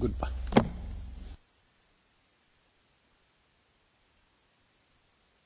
Goodbye.